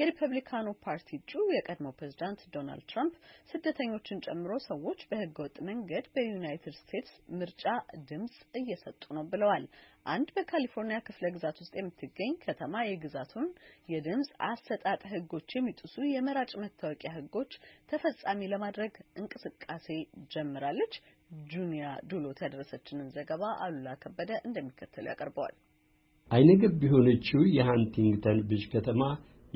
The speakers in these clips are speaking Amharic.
የሪፐብሊካኑ ፓርቲ እጩ የቀድሞ ፕሬዚዳንት ዶናልድ ትራምፕ ስደተኞችን ጨምሮ ሰዎች በህገወጥ መንገድ በዩናይትድ ስቴትስ ምርጫ ድምጽ እየሰጡ ነው ብለዋል። አንድ በካሊፎርኒያ ክፍለ ግዛት ውስጥ የምትገኝ ከተማ የግዛቱን የድምጽ አሰጣጥ ህጎች የሚጥሱ የመራጭ መታወቂያ ህጎች ተፈጻሚ ለማድረግ እንቅስቃሴ ጀምራለች። ጁኒያ ዱሎት ያደረሰችንን ዘገባ አሉላ ከበደ እንደሚከተሉ ያቀርበዋል። አይነገብ የሆነችው የሃንቲንግተን ብዥ ከተማ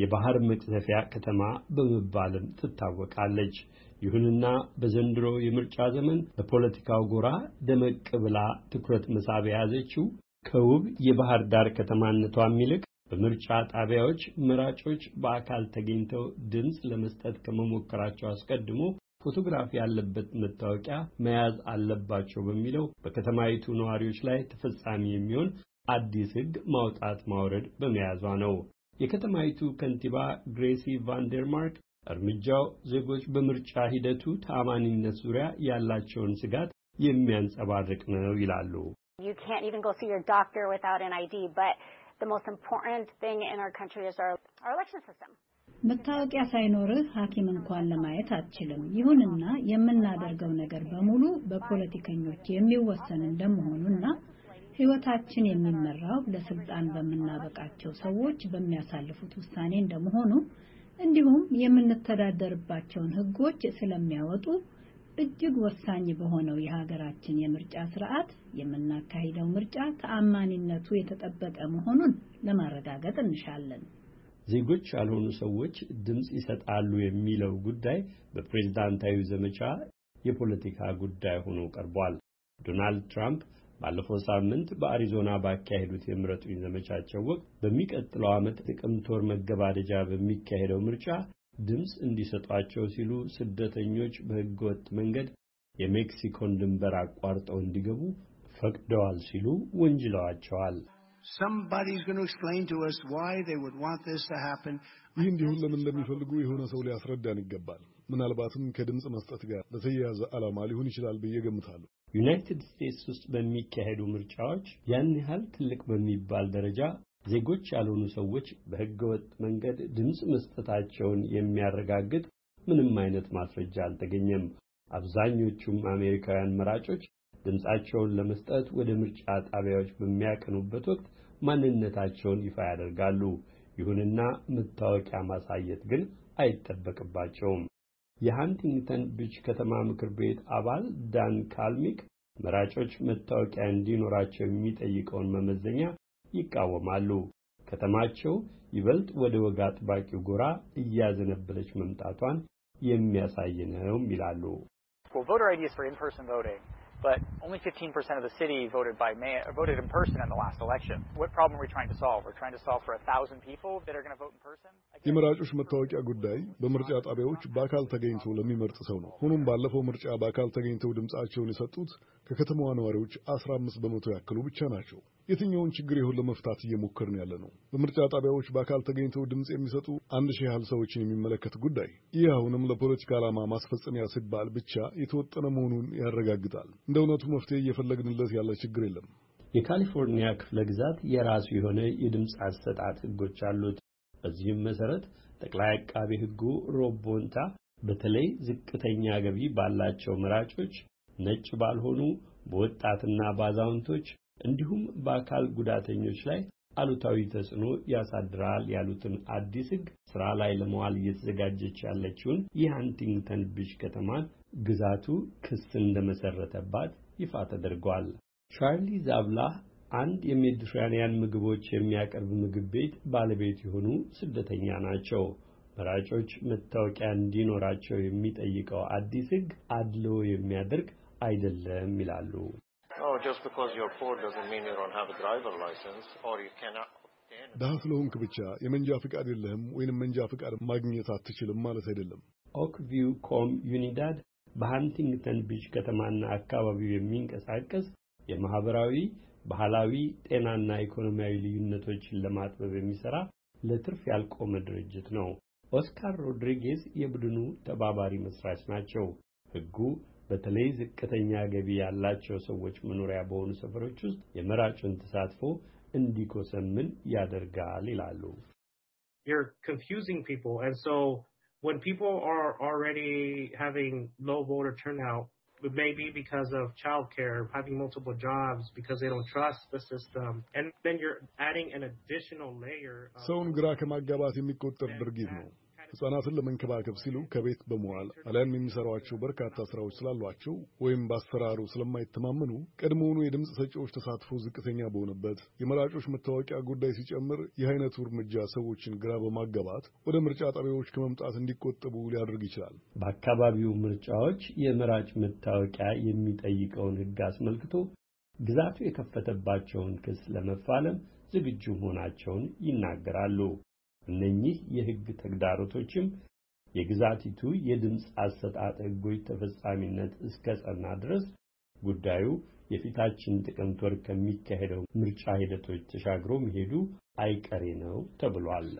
የባህር መቅዘፊያ ከተማ በመባልም ትታወቃለች። ይሁንና በዘንድሮ የምርጫ ዘመን በፖለቲካው ጎራ ደመቅ ብላ ትኩረት መሳብ የያዘችው ከውብ የባህር ዳር ከተማነቷም ይልቅ በምርጫ ጣቢያዎች መራጮች በአካል ተገኝተው ድምፅ ለመስጠት ከመሞከራቸው አስቀድሞ ፎቶግራፍ ያለበት መታወቂያ መያዝ አለባቸው በሚለው በከተማይቱ ነዋሪዎች ላይ ተፈጻሚ የሚሆን አዲስ ሕግ ማውጣት ማውረድ በመያዟ ነው። የከተማይቱ ከንቲባ ግሬሲ ቫንደርማርክ እርምጃው ዜጎች በምርጫ ሂደቱ ተአማኒነት ዙሪያ ያላቸውን ስጋት የሚያንጸባርቅ ነው ይላሉ። መታወቂያ ሳይኖርህ ሐኪም እንኳን ለማየት አትችልም። ይሁንና የምናደርገው ነገር በሙሉ በፖለቲከኞች የሚወሰን እንደመሆኑና ህይወታችን የሚመራው ለስልጣን በምናበቃቸው ሰዎች በሚያሳልፉት ውሳኔ እንደመሆኑ እንዲሁም የምንተዳደርባቸውን ህጎች ስለሚያወጡ እጅግ ወሳኝ በሆነው የሀገራችን የምርጫ ስርዓት የምናካሂደው ምርጫ ተአማኒነቱ የተጠበቀ መሆኑን ለማረጋገጥ እንሻለን። ዜጎች ያልሆኑ ሰዎች ድምፅ ይሰጣሉ የሚለው ጉዳይ በፕሬዝዳንታዊ ዘመቻ የፖለቲካ ጉዳይ ሆኖ ቀርቧል። ዶናልድ ትራምፕ ባለፈው ሳምንት በአሪዞና ባካሄዱት የምረጡኝ ዘመቻቸው ወቅት በሚቀጥለው ዓመት ጥቅምት ወር መገባደጃ በሚካሄደው ምርጫ ድምፅ እንዲሰጧቸው ሲሉ ስደተኞች በህገወጥ መንገድ የሜክሲኮን ድንበር አቋርጠው እንዲገቡ ፈቅደዋል ሲሉ ወንጅለዋቸዋል። ይህ እንዲሁን ለምን እንደሚፈልጉ የሆነ ሰው ሊያስረዳን ይገባል። ምናልባትም ከድምፅ መስጠት ጋር በተያያዘ ዓላማ ሊሆን ይችላል ብዬ ገምታለሁ። ዩናይትድ ስቴትስ ውስጥ በሚካሄዱ ምርጫዎች ያን ያህል ትልቅ በሚባል ደረጃ ዜጎች ያልሆኑ ሰዎች በህገወጥ መንገድ ድምፅ መስጠታቸውን የሚያረጋግጥ ምንም አይነት ማስረጃ አልተገኘም። አብዛኞቹም አሜሪካውያን መራጮች ድምፃቸውን ለመስጠት ወደ ምርጫ ጣቢያዎች በሚያቀኑበት ወቅት ማንነታቸውን ይፋ ያደርጋሉ። ይሁንና መታወቂያ ማሳየት ግን አይጠበቅባቸውም። የሃንቲንግተን ቢች ከተማ ምክር ቤት አባል ዳን ካልሚክ መራጮች መታወቂያ እንዲኖራቸው የሚጠይቀውን መመዘኛ ይቃወማሉ። ከተማቸው ይበልጥ ወደ ወግ አጥባቂው ጎራ እያዘነበለች መምጣቷን የሚያሳይ ነው ይላሉ። but only 15% of the city voted by mail, voted in person in the last election. What problem are we trying to solve? We're trying to solve for a thousand people that are going to vote in person. የመራጮች መታወቂያ ጉዳይ በምርጫ ጣቢያዎች በአካል ተገኝቶ ለሚመርጥ ሰው ነው። ሆኖም ባለፈው ምርጫ በአካል ተገኝተው ድምጻቸውን የሰጡት ከከተማዋ ነዋሪዎች 15 በመቶ ያክሉ ብቻ ናቸው። የትኛውን ችግር ይሁን ለመፍታት እየሞከርን ያለ ነው? በምርጫ ጣቢያዎች በአካል ተገኝተው ድምጽ የሚሰጡ አንድ ሺህ ያህል ሰዎችን የሚመለከት ጉዳይ ይህ አሁንም ለፖለቲካ ዓላማ ማስፈጸሚያ ሲባል ብቻ የተወጠነ መሆኑን ያረጋግጣል። እንደ እውነቱ መፍትሄ እየፈለግንለት ያለ ችግር የለም። የካሊፎርኒያ ክፍለ ግዛት የራሱ የሆነ የድምፅ አሰጣጥ ህጎች አሉት። በዚህም መሰረት ጠቅላይ አቃቤ ህጉ ሮብ ቦንታ በተለይ ዝቅተኛ ገቢ ባላቸው መራጮች፣ ነጭ ባልሆኑ፣ በወጣትና በአዛውንቶች እንዲሁም በአካል ጉዳተኞች ላይ አሉታዊ ተጽዕኖ ያሳድራል ያሉትን አዲስ ህግ ስራ ላይ ለመዋል እየተዘጋጀች ያለችውን የሃንቲንግተን ቢች ከተማን ግዛቱ ክስ እንደመሰረተባት ይፋ ተደርጓል። ቻርሊ ዛብላህ አንድ የሜዲትራንያን ምግቦች የሚያቀርብ ምግብ ቤት ባለቤት የሆኑ ስደተኛ ናቸው። መራጮች መታወቂያ እንዲኖራቸው የሚጠይቀው አዲስ ሕግ አድሎ የሚያደርግ አይደለም ይላሉ። ድሀ oh, ስለሆንክ ብቻ የመንጃ ፈቃድ የለህም ወይንም መንጃ ፍቃድ ማግኘት አትችልም ማለት አይደለም። ኦክቪው ኮም ዩኒዳድ በሃንቲንግተን ቢች ከተማና አካባቢው የሚንቀሳቀስ የማህበራዊ ባህላዊ ጤናና ኢኮኖሚያዊ ልዩነቶችን ለማጥበብ የሚሰራ ለትርፍ ያልቆመ ድርጅት ነው። ኦስካር ሮድሪጌዝ የቡድኑ ተባባሪ መስራች ናቸው። ህጉ በተለይ ዝቅተኛ ገቢ ያላቸው ሰዎች መኖሪያ በሆኑ ሰፈሮች ውስጥ የመራጩን ተሳትፎ እንዲኮሰምን ያደርጋል ይላሉ። You're confusing people and so when people are already having low voter turnout, it may be because of childcare, having multiple jobs, because they don't trust the system, and then you're adding an additional layer. ሰውን ግራ ከማጋባት የሚቆጠር ድርጊት ነው። ህጻናትን ለመንከባከብ ሲሉ ከቤት በመዋል አሊያም የሚሰሯቸው በርካታ ስራዎች ስላሏቸው ወይም በአሰራሩ ስለማይተማመኑ ቀድሞውኑ የድምፅ ሰጪዎች ተሳትፎ ዝቅተኛ በሆነበት የመራጮች መታወቂያ ጉዳይ ሲጨምር ይህ አይነቱ እርምጃ ሰዎችን ግራ በማጋባት ወደ ምርጫ ጣቢያዎች ከመምጣት እንዲቆጠቡ ሊያደርግ ይችላል። በአካባቢው ምርጫዎች የመራጭ መታወቂያ የሚጠይቀውን ህግ አስመልክቶ ግዛቱ የከፈተባቸውን ክስ ለመፋለም ዝግጁ መሆናቸውን ይናገራሉ። እነኚህ የሕግ ተግዳሮቶችም የግዛቲቱ የድምፅ አሰጣጥ ሕጎች ተፈጻሚነት እስከ ጸና ድረስ ጉዳዩ የፊታችን ጥቅምት ወር ከሚካሄደው ምርጫ ሂደቶች ተሻግሮ መሄዱ አይቀሬ ነው ተብሏል።